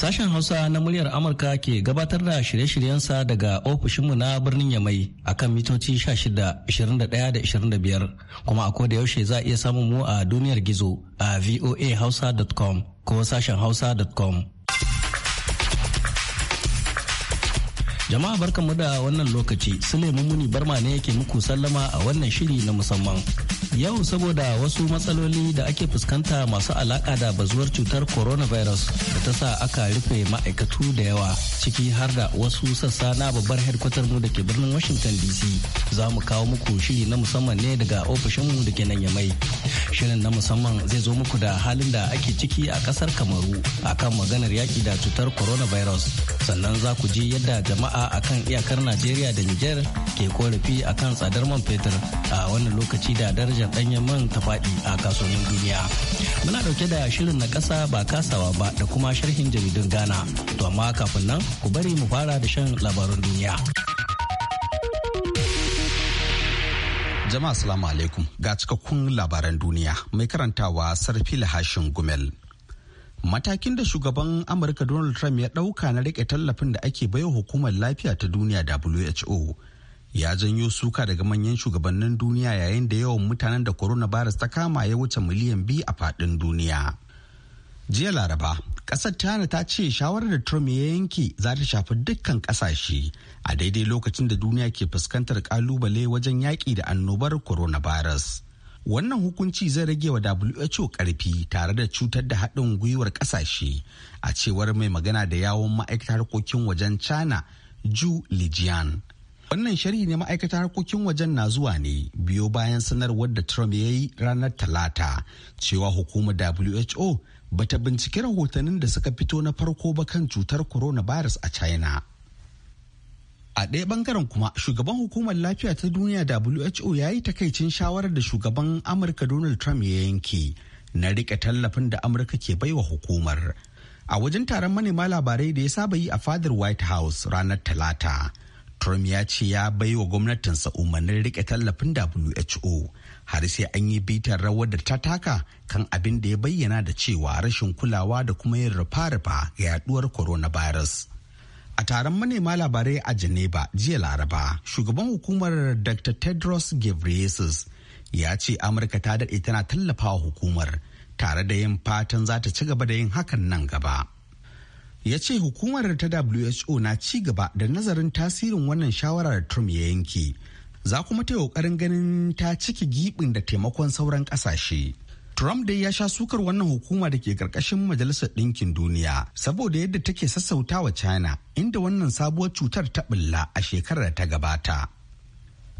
Sashen Hausa na muryar Amurka ke gabatar da shirye-shiryensa daga ofishinmu na birnin Yamai a kan mitoci 16, kuma a da yaushe za a iya samun mu a duniyar gizo a voahausa.com ko sashen hausa.com. Jama'a barkanmu da wannan lokaci, Suleiman Muni Barma ne yake muku sallama a wannan shiri na musamman. Yau saboda wasu matsaloli da ake fuskanta masu alaƙa da bazuwar cutar coronavirus da ta sa aka rufe ma'aikatu da yawa ciki har da wasu sassa na babbar headquarter mu da ke birnin Washington DC. Za mu kawo muku shiri na musamman ne daga ofishin mu da ke nan yamai. Shirin na musamman zai zo muku da halin da ake ciki a ƙasar Kamaru akan maganar yaki da cutar coronavirus. Sannan za ku ji yadda jama'a akan iyakar Najeriya da niger ke korafi akan tsadar man fetur a wannan lokaci da daraja darajar danyen man ta faɗi a kasuwannin duniya. Muna ɗauke da shirin na ƙasa ba kasawa ba da kuma sharhin jaridun Ghana. To amma kafin nan ku bari mu fara da shan labarun duniya. Jama'a salamu alaikum ga cikakkun labaran duniya mai karantawa sarfila hashin gumel. Matakin da shugaban Amurka Donald Trump ya ɗauka na rike tallafin da ake baiwa hukumar lafiya ta duniya WHO ya janyo suka daga manyan shugabannin duniya yayin da yawan mutanen da coronavirus ta kama ya wuce miliyan biyu a faɗin duniya. Jiya Laraba, ƙasar China ta ce shawarar da Trump ya yanke za ta shafi dukkan ƙasashe a daidai lokacin da duniya ke fuskantar ƙalubale wajen yaƙi da annobar coronavirus. Wannan hukunci zai rage wa WHO ƙarfi tare da cutar da haɗin gwiwar ƙasashe a cewar mai magana da yawon ma'aikatar harkokin wajen China, Ju Lijian. Wannan shari'i ne ma'aikatar harkokin wajen na zuwa ne biyo bayan sanarwar da Trump ya yi ranar Talata cewa hukumar WHO bata binciki rahotannin da suka fito na farko ba kan cutar coronavirus a China. A ɗaya ɓangaren kuma shugaban hukumar lafiya ta duniya WHO ya yi takaicin shawarar da shugaban Amurka Donald Trump ya yanke na rika tallafin da Amurka ke baiwa hukumar. A wajen taron manema labarai da ya saba yi a fadar White House ranar Talata. Trump ya ce ya bai wa gwamnatinsa umarnin rike tallafin WHO har sai an yi bitar rawar da ta taka kan abin da ya bayyana da cewa rashin kulawa da kuma yin rufa-rufa ga yaduwar coronavirus. A taron manema labarai a Geneva jiya Laraba, shugaban hukumar Dr. Tedros Ghebreyesus ya ce Amurka ta daɗe tana tallafawa hukumar tare da yin fatan za ta ci gaba da yin hakan nan gaba. ya ce hukumar ta who na ci gaba da nazarin tasirin wannan shawarar trump ya yanke za kuma ta kokarin ganin ta ciki gibin da taimakon sauran kasashe trump dai ya sha sukar wannan hukuma da ke karkashin majalisar ɗinkin duniya saboda yadda take sassauta wa china inda wannan sabuwar cutar ta bulla a shekarar da ta gabata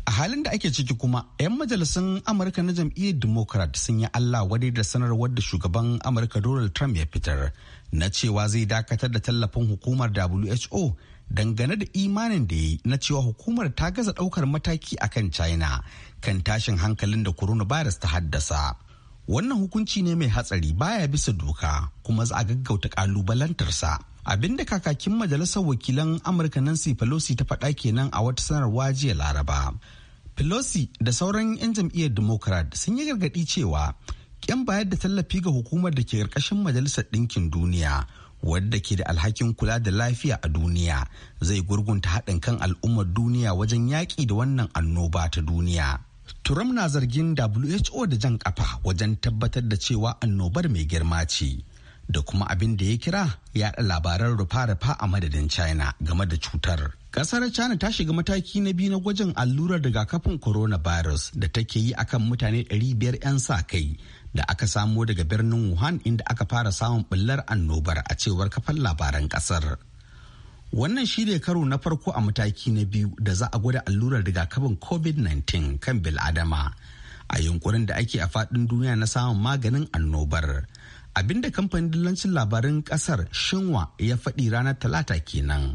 a halin da ake ciki kuma 'yan majalisun amurka na jam'iyyar democrat sun yi allah wadai da sanarwar da shugaban amurka donald trump ya fitar na cewa zai dakatar da tallafin hukumar WHO dangane da imanin da yi na cewa hukumar ta gaza daukar mataki a kan China kan tashin hankalin da coronavirus ta haddasa. Wannan hukunci ne mai hatsari baya bisa doka kuma za a gaggauta kalubalantarsa. Abinda kakakin majalisar wakilan Amurka Nancy Pelosi ta faɗa kenan a wata sanarwa jiya Laraba. Pelosi da sauran 'yan jam'iyyar Democrat sun yi gargaɗi cewa Yan bayar da tallafi ga hukumar da ke ƙarƙashin majalisar ɗinkin duniya wadda ke da alhakin kula da lafiya a duniya zai gurgunta haɗin kan al'ummar duniya wajen yaƙi da wannan annoba ta duniya. Turam na zargin WHO da jan ƙafa wajen tabbatar da cewa annobar mai girma ce da kuma abin da ya kira yaɗa labaran rufa-rufa a madadin China game da cutar. Kasar China ta shiga mataki na biyu na gwajin allurar rigakafin coronavirus da take yi akan mutane 500 'yan sa kai da aka samo daga birnin Wuhan inda aka fara samun bullar annobar a cewar kafar labaran kasar. Wannan shi ne karo na farko a mataki na biyu da za a gwada allurar rigakafin COVID-19 kan bil'adama a yunkurin da ake a faɗin duniya na samun maganin annobar. Abinda kamfanin dillancin labarin kasar Shinwa ya faɗi ranar Talata kenan.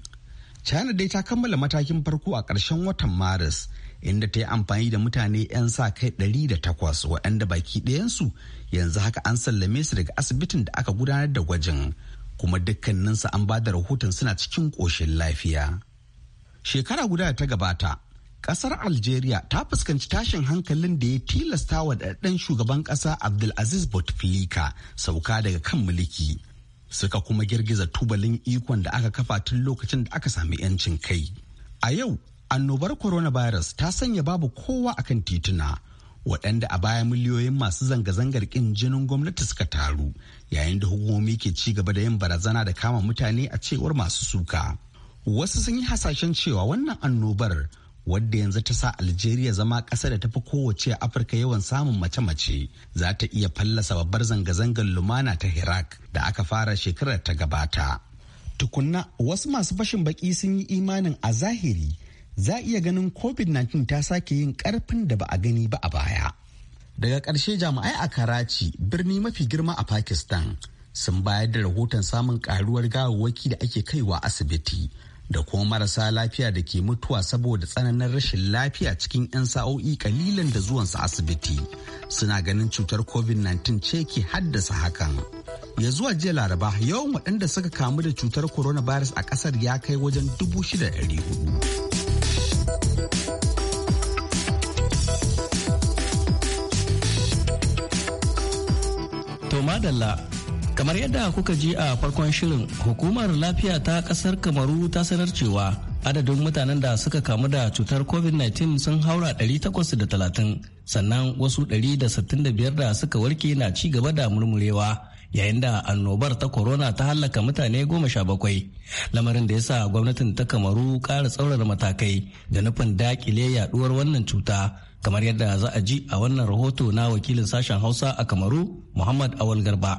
China dai ta kammala matakin farko a ƙarshen watan Maris. inda ta yi amfani da mutane 'yan sa kai 108 waɗanda baki ɗayansu yanzu haka an sallame su daga asibitin da aka gudanar da gwajin kuma dukkaninsu an ba da rahoton suna cikin ƙoshin lafiya. Shekara guda ta gabata, ƙasar Algeria ta fuskanci tashin hankalin da ya tilasta wa daɗaɗɗen shugaban ƙasa Abdulaziz Bouteflika sauka daga kan mulki. Suka kuma girgiza tubalin ikon da aka kafa tun lokacin da aka sami 'yancin kai. A yau annobar coronavirus ta sanya babu kowa a kan tituna waɗanda a baya miliyoyin masu zanga-zangar ƙin jinin gwamnati suka taru yayin da hukumomi ke ci gaba da yin barazana da kama mutane a cewar masu suka wasu sun yi hasashen cewa wannan annobar wadda yanzu ta sa algeria zama ƙasa da tafi kowace a afirka yawan samun mace-mace za ta iya fallasa babbar zanga-zangar lumana ta iraq da aka fara shekarar ta gabata tukunna wasu masu fashin baki sun yi imanin a zahiri za iya ganin covid-19 ta sake yin karfin da ba a gani ba a baya daga ƙarshe jami'ai a karachi birni mafi girma a pakistan sun bayar da rahoton samun karuwar gawawwaki da ake kaiwa asibiti da kuma marasa lafiya da ke mutuwa saboda tsananin rashin lafiya cikin 'yan sa'o'i kalilan da zuwansu asibiti suna ganin cutar covid-19 ce ke haddasa hakan ya zuwa jiya laraba yawan waɗanda suka kamu da cutar coronavirus a ƙasar ya kai wajen 6,400 To madalla kamar yadda kuka ji a farkon shirin hukumar lafiya ta kasar kamaru ta sanar cewa adadin mutanen da suka kamu da cutar covid-19 sun haura 830 sannan wasu 165 da suka warke na ci gaba da murmurewa yayin da annobar ta corona ta hallaka mutane goma sha bakwai lamarin da ya sa gwamnatin ta kamaru kara tsaurar matakai da nufin dakile yaduwar wannan cuta kamar yadda za a ji a wannan rahoto na wakilin sashen hausa a kamaru muhammad awal garba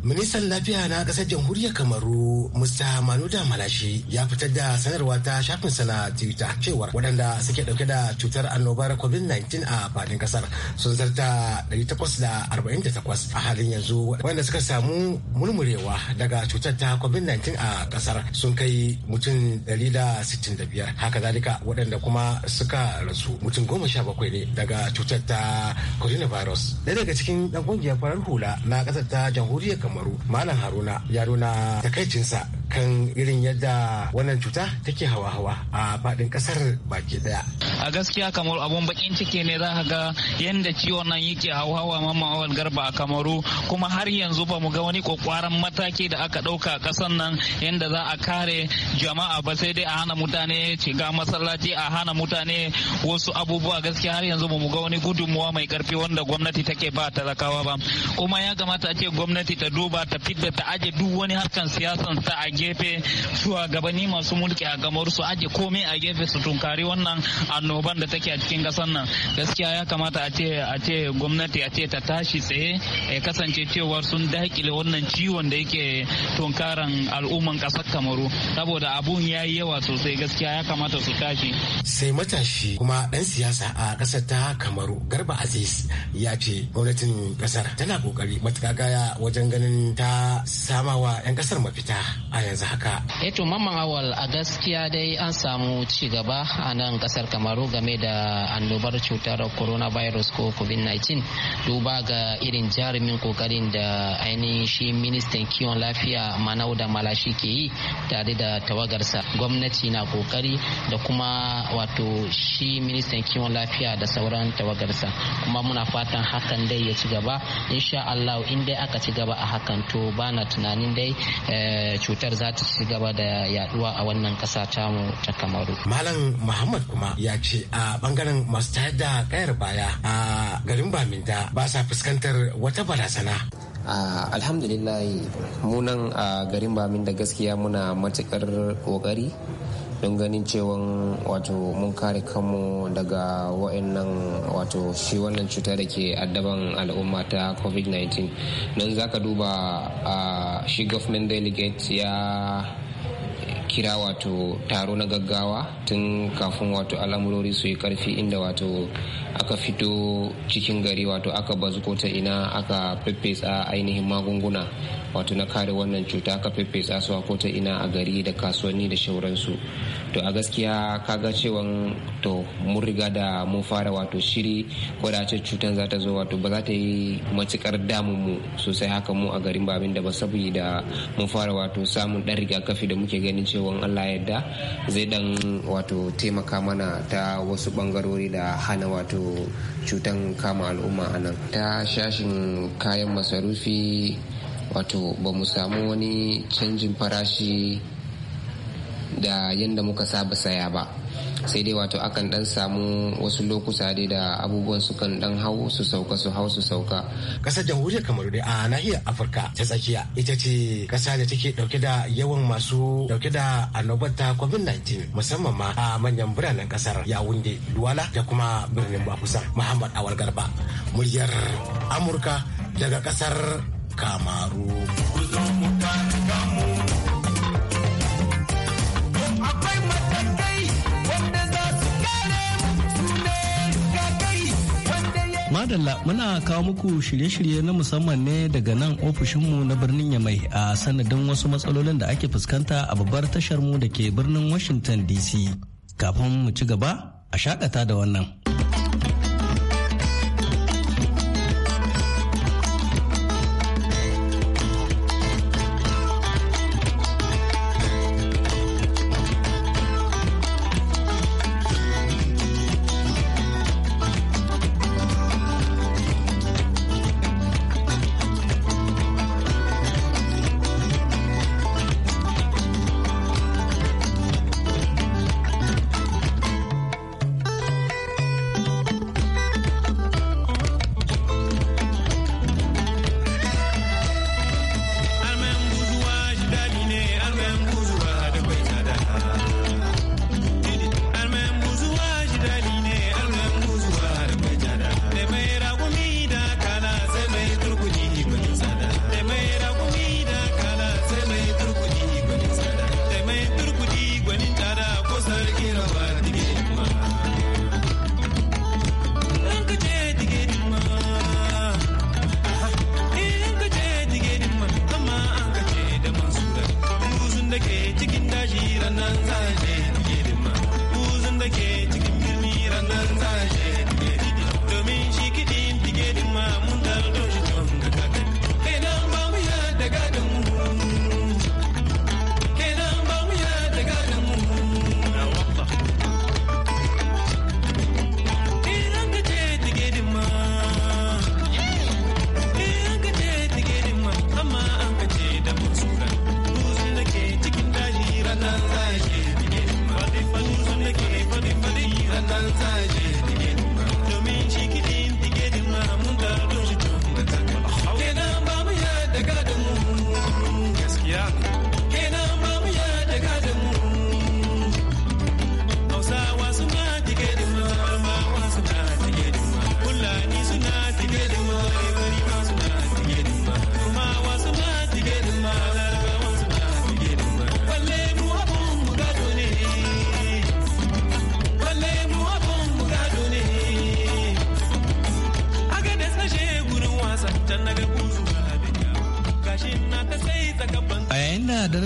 Ministan Lafiya na ƙasar jamhuriyar Kamaru, Mr. Manuda Malashi, ya fitar da sanarwa ta shafin sana Twitter cewa waɗanda suke ɗauke da cutar annobar COVID-19 a faɗin ƙasar sun zarta 848 a halin yanzu waɗanda suka samu murmurewa daga cutar ta COVID-19 a kasar sun kai mutum 165. Haka zalika waɗanda kuma suka rasu mutum goma sha 17 ne daga cutar ta coronavirus. Ɗaya daga cikin ɗan ƙungiyar farar hula na ƙasar ta jamhuriyar kamaru malam haruna ya nuna takaicinsa kan irin yadda wannan cuta take hawa-hawa a faɗin ƙasar baki daya. A gaskiya kamar abun bakin ciki ne za ka ga yadda ciwon nan yake hawa-hawa awal garba a kamaru kuma har yanzu ba mu ga wani kokwaran mataki da aka ɗauka a ƙasar nan yadda za a kare jama'a ba sai dai a hana mutane shiga masallaci a hana mutane wasu abubuwa gaskiya har yanzu ba mu ga wani gudunmuwa mai karfi wanda gwamnati take ba talakawa ba kuma ya kamata a ce gwamnati ta duba ta fidda ta aje duk wani harkan siyasan ta a gefe shugabanni masu mulki a gamar su aje komai a gefe su tunkari wannan annoban da take a cikin kasar nan gaskiya ya kamata a ce a ce gwamnati a ce ta tashi tsaye ya kasance cewa sun dakile wannan ciwon da yake tunkaran al'umman kasar kamaru saboda abun ya yi yawa sosai gaskiya ya kamata su tashi sai matashi kuma dan siyasa a kasar ta kamaru garba aziz ya ce gwamnatin kasar tana kokari matuƙa gaya wajen ganin ta samawa 'yan kasar mafita a yanzu haka. Eto eh mamman awal a gaskiya dai an samu ci gaba a nan kasar Kamaru game da annobar cutar coronavirus ko COVID-19 duba ga irin jarumin kokarin da ainihin shi ministan kiwon lafiya Manau da Malashi ke yi tare da tawagarsa. Gwamnati na kokari da kuma wato shi ministan kiwon lafiya da sauran tawagarsa kuma muna fatan hakan dai ya ci gaba insha Allah in dai aka ci gaba a hakan to bana tunanin dai eh, cutar za ta ci gaba da yaduwa a wannan kasa mu ta kamaru malam muhammad kuma ya ce a bangaren masu tayar da kayar baya a garin baminta ba sa fuskantar wata barazana Uh, alhamdulillah munan a uh, garin bamin da gaskiya muna matukar kokari don ganin cewan wato mun kare kanmu daga wa'annan wato shi wannan cuta da ke addaban al'umma ta covid-19 don zaka duba ah, shi government delegate ya kira wato taro na gaggawa tun kafin wato al'amurori su yi karfi inda wato aka fito cikin gari wato aka bazu ko ta ina aka feffesa ainihin magunguna wato na kare wannan cuta aka feffesa su ko ta ina a gari da kasuwanni da shauransu to a gaskiya kaga cewa to mun riga da mun fara wato shiri ko da ce cutan za ta zo wato ba za ta yi matukar damun mu sosai haka mu a garin babin da ba saboda mun fara wato samun dan rigakafi da muke ganin cewa Allah ya yadda zai dan wato taimaka mana ta wasu bangarori da hana wato cutan kama al'umma a nan ta shashin kayan masarufi wato ba mu samu wani canjin farashi da yadda muka saba saya ba sai dai wato akan dan samu wasu lokuta dai da abubuwan su kan dan hau su sauka su hau su sauka kasar jamhuriyar kamaru dai a nahiyar afirka ta tsakiya ita ce kasa da take dauke da yawan masu dauke da annobar ta covid-19 musamman ma a manyan biranen kasar yawunde duwala da kuma birnin bakusa muhammad awal garba muryar amurka daga kasar kamaru. madalla muna kawo muku shirye-shirye na musamman ne daga nan ofishinmu na birnin Yamai a sanadin wasu matsalolin da ake fuskanta a babbar tasharmu da ke birnin Washington DC. Kafin mu ci gaba, a shakata da wannan.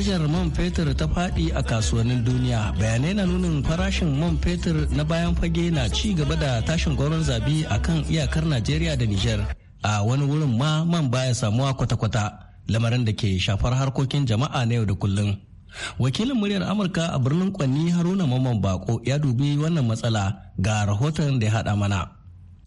darajar man fetur ta faɗi a kasuwannin duniya bayanai na nunin farashin man fetur na bayan fage na ci gaba da tashin gwaron zabi a kan iyakar najeriya da nijar a wani wurin ma man baya samuwa kwata-kwata lamarin da ke shafar harkokin jama'a na yau da kullum wakilin muryar amurka a birnin kwanni haruna mamman bako ya dubi wannan matsala ga rahoton da ya haɗa mana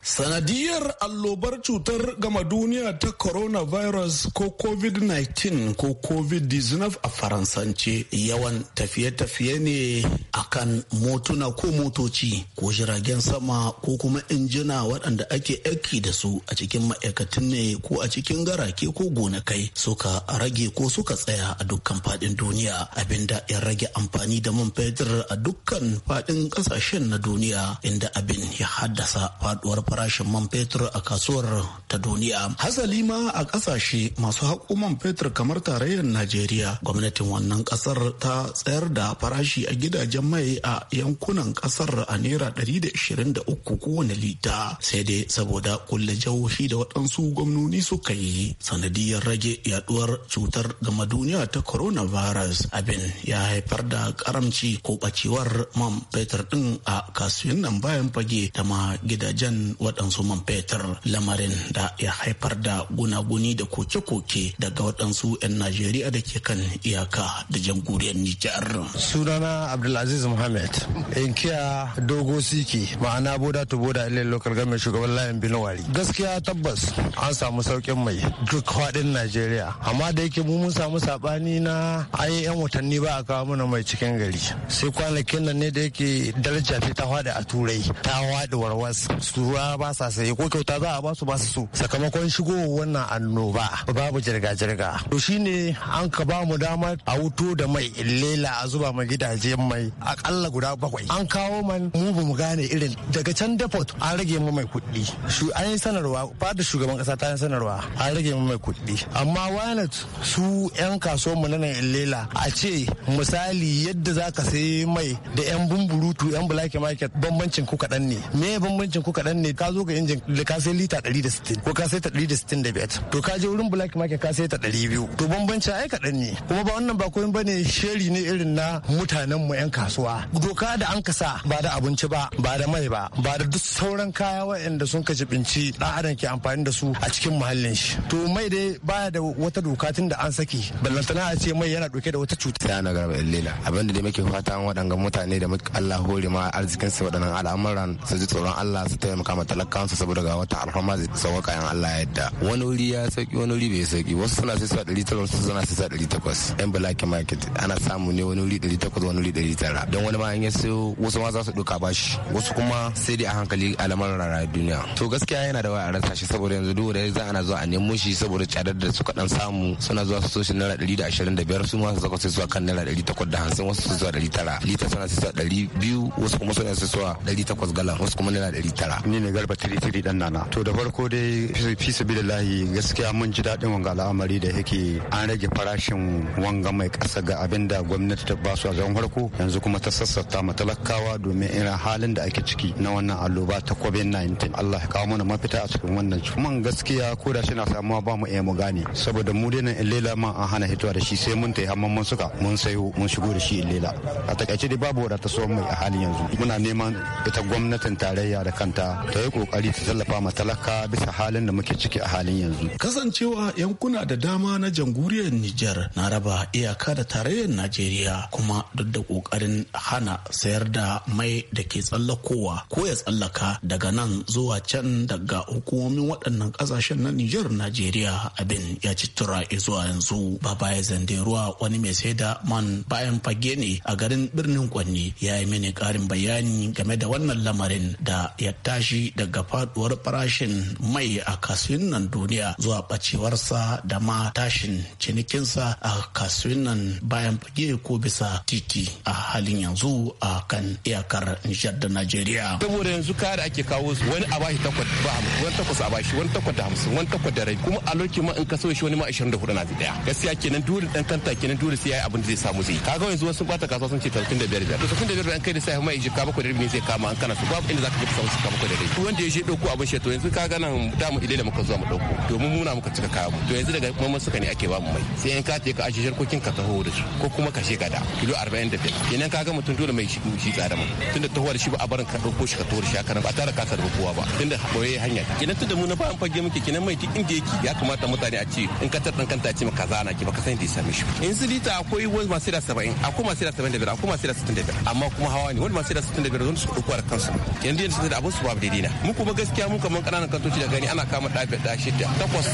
Sanadiyar allobar cutar gama duniya ta coronavirus ko COVID-19 ko COVID-19 a Faransanci yawan tafiye-tafiye ne A kan motuna ko motoci ko jiragen sama ko kuma injina waɗanda ake aiki da su a cikin ma'aikatan ne ko a cikin garake ko gonakai suka rage ko suka tsaya a dukkan faɗin duniya abinda ya rage amfani da man fetur a dukkan faɗin ƙasashen na duniya inda abin ya haddasa faɗuwar farashin man fetur a kasuwar ta duniya hasali ma a kasashe masu haƙo man fetur kamar tarayyar najeriya gwamnatin wannan kasar ta tsayar da farashi a gidajen mai a yankunan kasar a naira 123 kowane lita sai dai saboda kulle jauhi da waɗansu gwamnoni suka yi sanadiyar rage yaduwar cutar gama duniya ta coronavirus abin ya haifar da karamci ko bacewar man fetur din a kasuwannin bayan fage da ma gidajen waɗansu man fetur lamarin da ya haifar da gunaguni da koke-koke daga waɗansu 'yan najeriya da ke kan iyaka da jamhuriyar nijar sunana abdulaziz muhammad inkiya dogo siki ma'ana boda to boda ilai lokal game shugaban layin binawari gaskiya tabbas an samu saukin mai duk faɗin najeriya amma da yake mu mun samu saɓani na ayi 'yan watanni ba a kawo mana mai cikin gari sai kwanakin nan ne da yake daraja ta faɗi a turai ta faɗi warwas sura ba sa saye ko kyauta za a ba su ba su su sakamakon shigo wannan annoba babu jirga-jirga to shine an ka ba mu damar a wuto da mai lela a zuba ma gidaje mai akalla guda bakwai an kawo man mu bamu gane irin daga can depot an rage mu mai kuɗi shu an yi sanarwa da shugaban kasa ta yi sanarwa an rage mu mai kuɗi amma wanet su yan kaso mu na nan lela a ce misali yadda za ka sayi mai da yan bumburutu yan black market bambancin ku kaɗan ne me bambancin ku kaɗan ne ka zo ga injin ka sai lita 160 ko ka sai ta 165 to ka je wurin black market ka sai ta 200 to bambancin ai kaɗan ne kuma ba wannan ba koyin bane sheri ne irin na mutanen mu yan kasuwa doka da an kasa ba da abinci ba ba da mai ba ba da duk sauran kaya waɗanda sun kaci binci ɗan adam ke amfani da su a cikin muhallin shi to mai dai baya da wata doka tun da an saki ballantana a ce mai yana dauke da wata cuta ya na garba illela abinda dai muke fatan waɗanga mutane da Allah hore ma arzikin su wadannan al'amuran su ji tsoron Allah su taimaka talakansu saboda ga wata alfama zai sauka kayan Allah ya yadda wani wuri ya sauki wani wuri bai sauki wasu suna sai sa ɗari tara wasu suna sai sa ɗari takwas yan black market ana samu ne wani wuri ɗari takwas wani wuri ɗari tara don wani ma an yi sayo wasu ma za su ɗauka bashi wasu kuma sai dai a hankali alamar rara duniya to gaskiya yana da wa a rasa shi saboda yanzu duk da za ana zuwa a nemo shi saboda cadar da suka dan samu suna zuwa su soshi naira ɗari da ashirin da biyar su ma su zaka sai zuwa kan naira ɗari takwas da hamsin wasu su zuwa ɗari tara lita suna sai sa ɗari biyu wasu kuma suna sai zuwa ɗari takwas galan wasu kuma naira ɗari tara. garba tiri-tiri dan nana to da farko dai fi lahi gaskiya mun ji daɗin wanga al'amari da yake an rage farashin wanga mai ƙasa ga abin da gwamnati ta basu a zaman farko yanzu kuma ta sassata ma talakawa domin irin halin da ake ciki na wannan alloba ta covid-19 Allah ya kawo mana mafita a cikin wannan man gaskiya ko da shi na samuwa ba mu iya mu gane saboda mu dai nan illela ma an hana hitowa da shi sai mun ta yi hamman mun suka mun sayo mun shigo da shi illela a takaice dai babu wadata mai a halin yanzu muna neman ita gwamnatin tarayya da kanta ta yi kokari su tallafa ma talaka bisa halin da muke ciki a halin yanzu kasancewa yankuna da dama na jamhuriyar Nijar na raba iyaka da tarayyar Najeriya kuma duk da kokarin hana sayar da mai da ke tsallakowa ko ya tsallaka daga nan zuwa can daga hukumomin waɗannan ƙasashen na Nijar Najeriya abin ya ci tura zuwa yanzu baba ya zande ruwa wani mai sai da man bayan fage ne a garin birnin Kwanni ya yi mini ƙarin bayani game da wannan lamarin da ya tashi daga faduwar farashin mai a kasuwannin duniya zuwa bacewarsa da ma tashin cinikinsa a kasuwannin bayan fage ko bisa titi a halin yanzu a kan iyakar Nijar da Najeriya. Saboda yanzu kaya da ake kawo su wani a bashi takwas ba hamsin wani takwas a bashi wani takwas da hamsin wani takwas da rai kuma a lokacin ma in ka sauye shi wani ma ashirin da hudu na daya gaskiya kenan dole dan kanta kenan dole sai ya yi abin da zai samu zai kaga yanzu wasu bata kasuwa sun ce talatin da biyar biyar to talatin da biyar an kai da sai mai jika bakwai da rabi ne zai kama an kana su babu inda za ka ga samu su kama bakwai da rabi. wanda ya je ɗauko abin shi to yanzu ka ga nan da mu ilele muka zuwa mu ɗauko domin muna muka cika kaya mu to yanzu daga mamman suka ne ake ba mu mai sai in ka je ka ajiye jarkokin ka taho da su ko kuma ka sheka da kilo 45 kenan ka ga mutum dole mai shi shi tsada mu tunda taho da shi ba a barin ka ɗauko shi ka taho da shi a haka ba tare ka sarrafa kowa ba tunda boye hanya kenan tunda mu na fa an fage muke kenan mai duk inda yake ya kamata mutane a ce in ka tarɗan kanta a ce maka zana ki baka san da ya same shi in su lita akwai wani masu da 70 akwai masu da 75 akwai masu da 65 amma kuma hawa ne wani masu da 65 wani su ɗauko da kansu yanzu yanzu da abin su ba daidai na mu kuma gaskiya mu kamar ƙananan kantoci da gani ana kama ɗa da shi shida takwas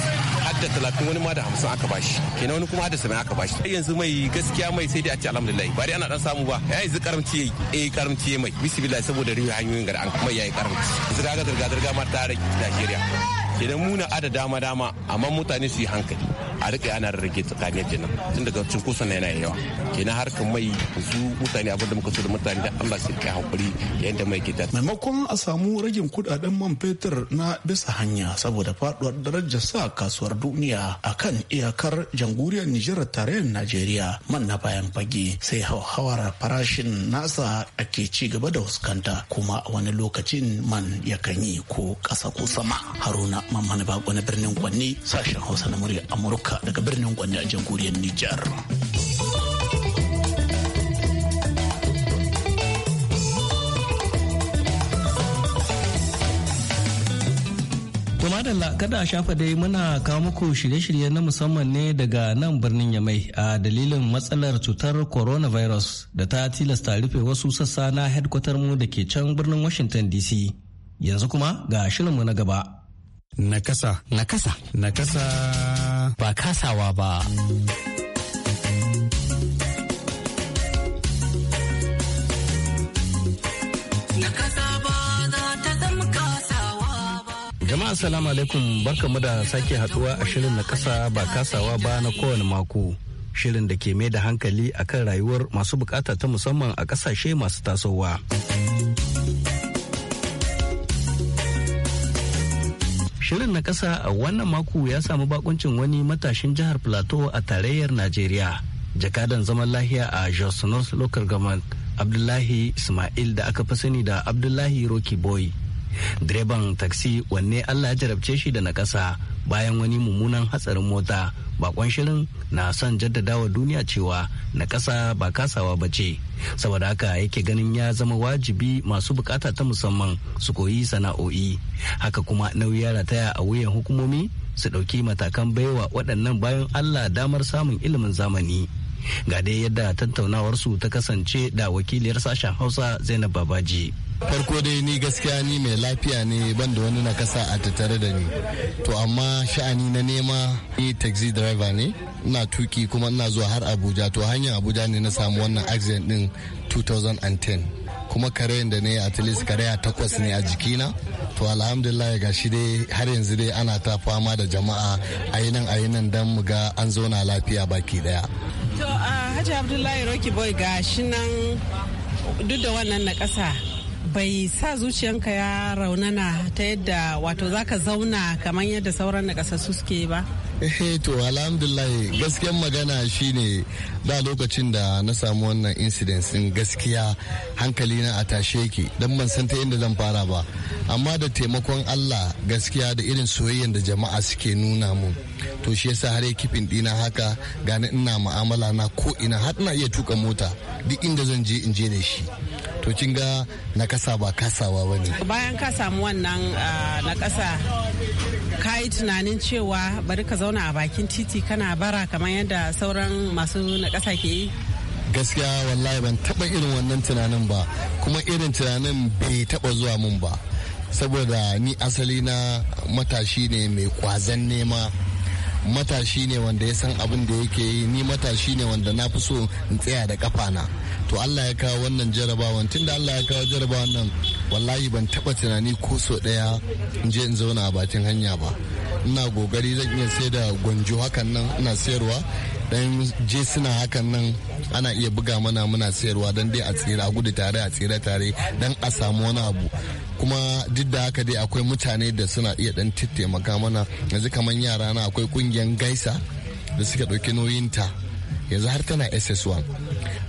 har da talatin wani ma da hamsin aka bashi kenan wani kuma har da saba'in aka bashi yanzu mai gaskiya mai sai dai a ce alhamdulillah ba dai ana dan samu ba ya yanzu karamci ya yi karamci eh ya mai bismillah saboda riwa hanyoyin gari an ya yi karamci zirga zirga zirga ma ta rage Najeriya kenan muna ada dama dama amma mutane su yi hankali a rike ana rage tsakaniyar kenan tun daga na yana yawa kenan kan mai su mutane abin da muka so da mutane da Allah su kai hakuri yadda mai gida maimakon a samu ragin kudaden man fetur na bisa hanya saboda faduwar darajar sa kasuwar duniya a kan iyakar jamhuriyar Nijar tarayyar Najeriya man na bayan fage sai hauhawar farashin nasa ake ci gaba da huskanta kuma a wani lokacin man yakan yi ko ƙasa ko sama haruna mamman bako na birnin kwanne sashen hausa na murya amurka Amurka daga birnin Kwanne a jamhuriyar Nijar. madalla kada a shafa dai muna kawo muku shirye-shirye na musamman ne daga nan birnin yamai a dalilin matsalar cutar coronavirus da ta tilasta rufe wasu sassa na headquarter mu da ke can birnin washington dc yanzu kuma ga shirinmu na gaba nakasa nakasa nakasa ba kasawa ba. Jama'a salamu alaikum barkamu da sake haduwa a shirin na kasa ba kasawa ba na kowane mako. Shirin da ke mai da hankali akan rayuwar masu bukata ta musamman a kasashe masu tasowa. Shirin na ƙasa a wannan mako ya samu bakuncin wani matashin jihar Plateau a tarayyar Najeriya. Jakadan zaman lahiya a Jos North Local Government Abdullahi Ismail da aka fi sani da Abdullahi Rocky Boy direban taksi wanne allah ya jarabce shi da na ƙasa bayan wani mummunan hatsarin mota bakon shirin na son jaddadawa duniya cewa na ƙasa ba kasawa ba ce saboda haka yake ganin ya zama wajibi masu bukata ta musamman su koyi sana'o'i haka kuma nauyi ya rataya a wuyan hukumomi su ɗauki matakan baiwa waɗannan bayan allah damar samun ilimin zamani ga dai yadda tattaunawar su ta kasance da wakiliyar sashen hausa zainab babaji farko dai ni gaskiya ni mai lafiya ne ban da wani nakasa a tattare da ni to amma sha'ani na nema ni taxi driver ne ina tuki kuma ina zuwa har abuja to hanyar abuja ne na samu wannan accident din 2010 kuma karayen da ne a least karaya takwas ne a jikina to alhamdulillah ga shi dai har yanzu dai ana ta fama da jama'a a nan a mu ga an zauna lafiya baki daya To Hajji Abdullahi Rocky Boy ga shi nan duk da wannan na ƙasa bai sa zuciyanka ya raunana ta yadda wato zaka zauna kamar yadda sauran na suke ba? Eh to alhamdulillah gaskiyar magana shine da lokacin da na samu wannan incident din gaskiya hankali na a tashe yake dan ban san ta inda zan fara ba amma da taimakon Allah gaskiya da irin soyayyen da jama'a suke nuna mu to shi yasa har kifin dina haka gani ina ma'amala na ko ina har na iya tuka mota duk inda zan je in je da shi to kin ga na kasa ba kasawa bane bayan ka samu wannan ah, na kasa ka yi tunanin cewa bari ka zauna a bakin titi kana bara kamar yadda sauran masu na ƙasa ke yi gaskiya wallahi ban taɓa irin wannan tunanin ba kuma irin tunanin bai taba zuwa mun ba saboda ni asali na matashi ne mai kwazan nema matashi ne wanda ya san abin da yake yi ni matashi ne wanda na fi so in tsaya da kafana to allah ya kawo wannan jarabawan tunda allah ya kawo jarabawan nan wallahi ban taba tunani ko so daya in je in zauna a bakin hanya ba ina gogari zan iya sai da gwanjo hakan nan ina sayarwa dan je suna hakan nan ana iya buga mana muna sayarwa don dai a tsira gudu tare a tsira tare Dan a samu wani abu kuma duk da haka dai akwai mutane da suna iya dan taimaka mana yanzu kamar yara na akwai kungiyar gaisa da suka ɗauki nauyinta yanzu har tana ss1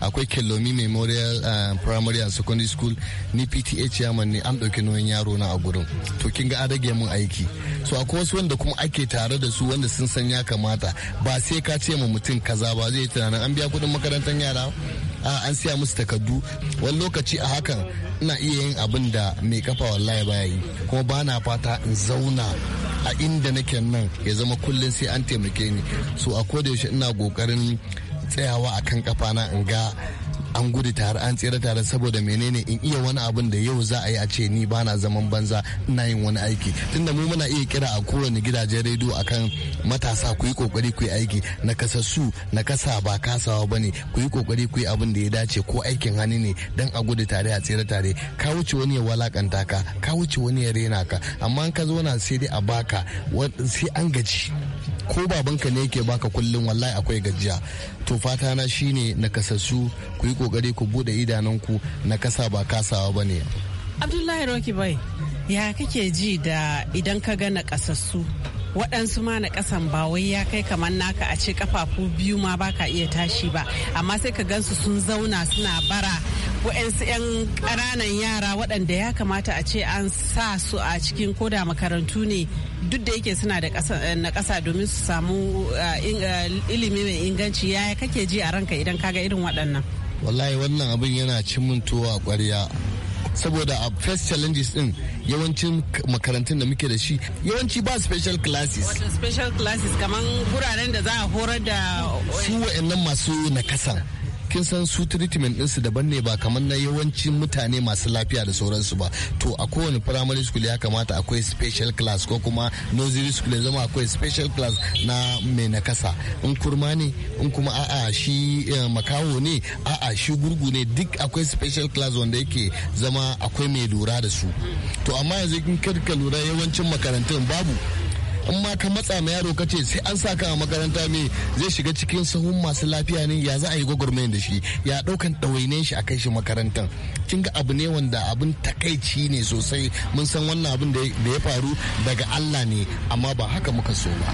akwai kelomi memorial uh, primary and secondary school ni pta chairman ne an ɗauki nauyin yaro na a gurin to kin ga adage rage mun aiki so akwai wasu wanda kuma ake tare da su wanda sun san ya kamata ba sai ka ce ma mutum kaza ba zai tunanin an biya kuɗin makarantar yara an siya musu takardu wani lokaci a hakan ina iya yin abin da mai kafa wallahi baya yi kuma ba na fata in zauna a inda nake nan ya zama kullum sai an taimake ni so a koda yaushe ina kokarin tsayawa akan kafana in ga an gudu tare an tsira tare saboda menene in iya wani abin da yau za a yi a ce ni bana zaman banza ina yin wani aiki tunda mu muna iya kira a kowane gidajen rediyo akan matasa ku yi kokari ku yi aiki na kasa su na kasa ba kasawa bane ku yi kokari ku yi abin da ya dace ko aikin hannu ne dan a gudu tare a tsira tare ka wuce wani ya walakanta ka ka wuce wani ya rena ka amma in ka zo na sai dai a baka sai an gaji ko babanka ne yake baka kullum wallahi akwai gajiya to fata na shine na kasassu ku yi kokari ku bude idanunku na kasa ba kasawa ba ne abdullahi roki bai ya kake ji da idan ka gana na waɗansu ma na ƙasan ba wai ya kai kamar naka a ce kafafu biyu ma baka iya tashi ba amma sai ka gansu sun zauna suna bara waɗansu 'yan ƙananan yara waɗanda ya kamata a ce an sa su a cikin koda makarantu ne duk da yake suna da eh, na ƙasa domin su samu eh, eh, ilimi mai inganci ya kake ji a ranka idan kaga irin waɗannan wallahi wannan abin yana cin mintowa a ƙwarya saboda a first challenges din yawancin makarantun da muke da shi yawanci ba special classes wato special classes kamar guraren da za a horar da su wa'annan masu kasa kin san su treatment ɗinsu daban ne ba kamar na yawancin mutane masu lafiya da sauransu ba to a kowane primary school ya kamata akwai special class ko kuma nursery school ya zama akwai special class na mai nakasa in kurma ne in kuma a'a shi eh, makaho ne a'a shi gurgu ne duk akwai special class wanda yake zama akwai mai lura da su to amma yanzu kin karka lura yawancin makarantun babu in ma ka matsa ma yaro ka ce sai an sa ka a makaranta me zai shiga cikin sahun masu lafiya ne ya za a yi gwagwarmayar da shi ya ɗaukan ɗawainiyar shi a kai shi makarantar kin ga abu ne wanda abin takaici ne sosai mun san wannan abin da ya faru daga Allah ne amma ba haka muka so ba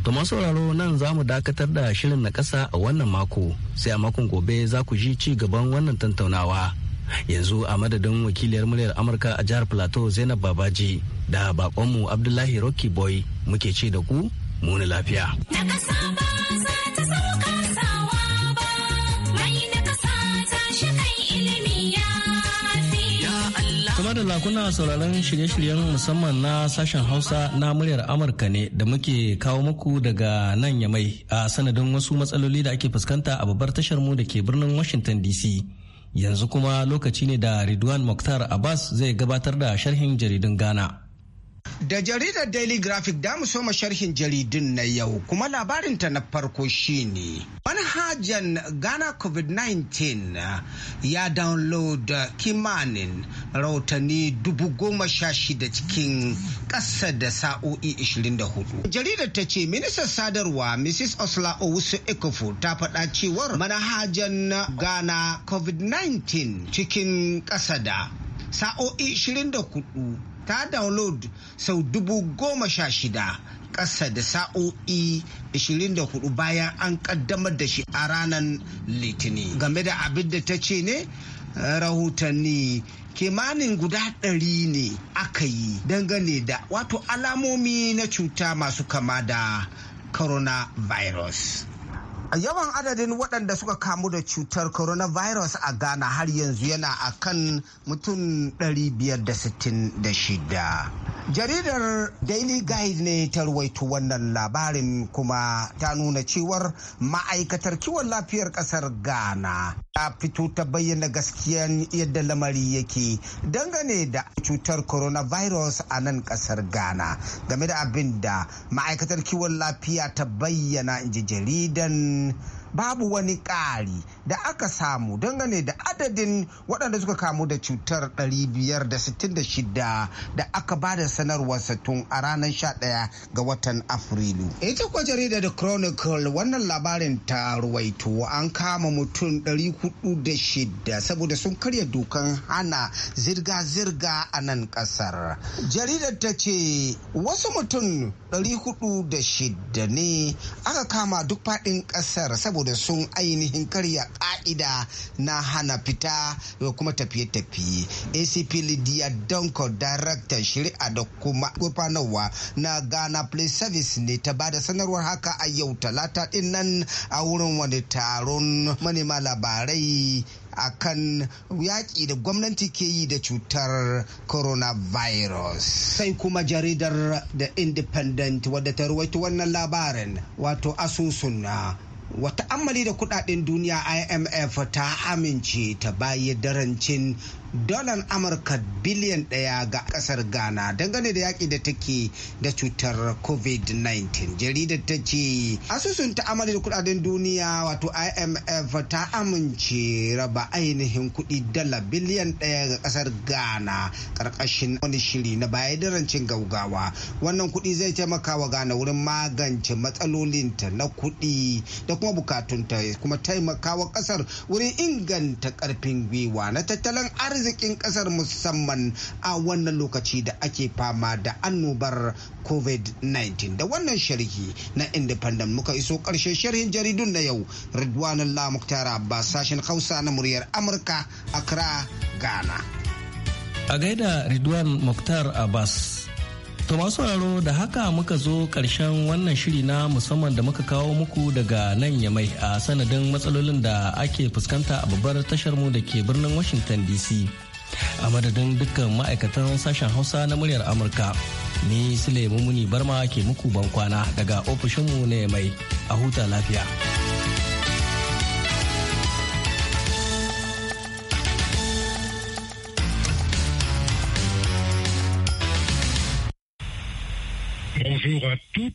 To masu sauraro nan za mu dakatar da shirin na ƙasa a wannan mako sai a makon gobe za ku ji ci gaban wannan tattaunawa. yanzu a madadin wakiliyar muryar amurka a jihar plateau zainab babaji da bakonmu abdullahi rocky boy muke ce da ku muni lafiya kuma da lakuna sauraron shirye-shiryen musamman na sashen hausa na muryar amurka ne da muke kawo muku daga nan yamai a sanadin wasu matsaloli da ake fuskanta a babbar tashar mu da ke birnin washington dc yanzu kuma lokaci ne da ridwan mokhtar abbas zai gabatar da sharhin jaridun ghana Da jaridar Daily Graphic da mu soma sharhin jaridun na yau kuma labarinta na farko shine manhajan Ghana COVID-19 ya download kimanin rautani dubu goma sha shida cikin ƙasa da sa'o'i 24. Jaridar ta ce ministan sadarwa Mrs. Osla Owusu Ekofu ta faɗa cewar manhajan Ghana COVID-19 cikin ƙasa da sa'o'i 24 ta download sau dubu goma sha shida ƙasa da sa'o'i 24 bayan an ƙaddamar da shi a ranar litini game da abin da ta ce ne rahotanni kimanin guda ɗari ne aka yi dangane da wato alamomi na cuta masu kama da coronavirus. A Yawan adadin waɗanda suka kamu da cutar coronavirus a Ghana har yanzu yana akan mutum 566. jaridar daily guide ne ta ruwaito wannan labarin kuma ta nuna cewar ma'aikatar kiwon lafiyar kasar ghana ta fito ta bayyana gaskiyan yadda lamari yake dangane da cutar coronavirus a nan kasar ghana game da abin da ma'aikatar kiwon lafiya ta bayyana inji jaridan babu wani ƙari da aka samu dangane da adadin waɗanda suka kamu da cutar 566 da aka ba da sanarwar tun a ranar 11 ga watan afrilu ita kuwa jarida da chronicle wannan labarin ta ruwaito an kama mutum 406 saboda sun karya dokan hana zirga-zirga a nan ƙasar jaridar ta ce wasu mutum 406 ne aka kama duk faɗin ƙasar saboda saboda sun ainihin karya ka'ida na hana fita da kuma tafiye-tafiye acp lydia donko director shari'a da kuma gufanarwa na ghana police service ne ta ba da sanarwar haka a yau talata din nan a wurin wani taron manema labarai akan yaƙi da gwamnati ke yi da cutar coronavirus sai kuma jaridar da independent wadda ta ruwaito wannan labarin wato asusun na wata amali da kudaden duniya imf ta amince ta bayi darancin dalar amurka biliyan daya ga kasar ghana dangane da yaƙi da take da cutar covid-19 jaridar ta ce asusun ta da kudaden duniya wato imf ta amince raba ainihin kudi dala biliyan daya ga kasar ghana karkashin wani shiri na baya da rancin gaugawa wannan kudi zai taimaka wa ghana wurin magance matsalolinta na kudi da kuma bukatunta kuma taimaka wa kasar wurin inganta karfin gwiwa na tattalin arziki arzikin kasar musamman a wannan lokaci da ake fama da annobar covid-19 da wannan sharhi na independent muka iso karshen sharhin jaridun na yau ridwanan lamuktar abbas sashen hausa na muryar amurka accra ghana a gaida ridwan muktar abbas To masu sauraro da haka muka zo karshen wannan shiri na musamman da muka kawo muku daga nan yamai a sanadin matsalolin da ake fuskanta a babbar tashar mu da ke birnin Washington DC. A madadin dukkan ma'aikatan sashen Hausa na muryar Amurka. Ni Sule Mumuni Barma ke muku bankwana daga ofishinmu na yamai a huta lafiya. à tout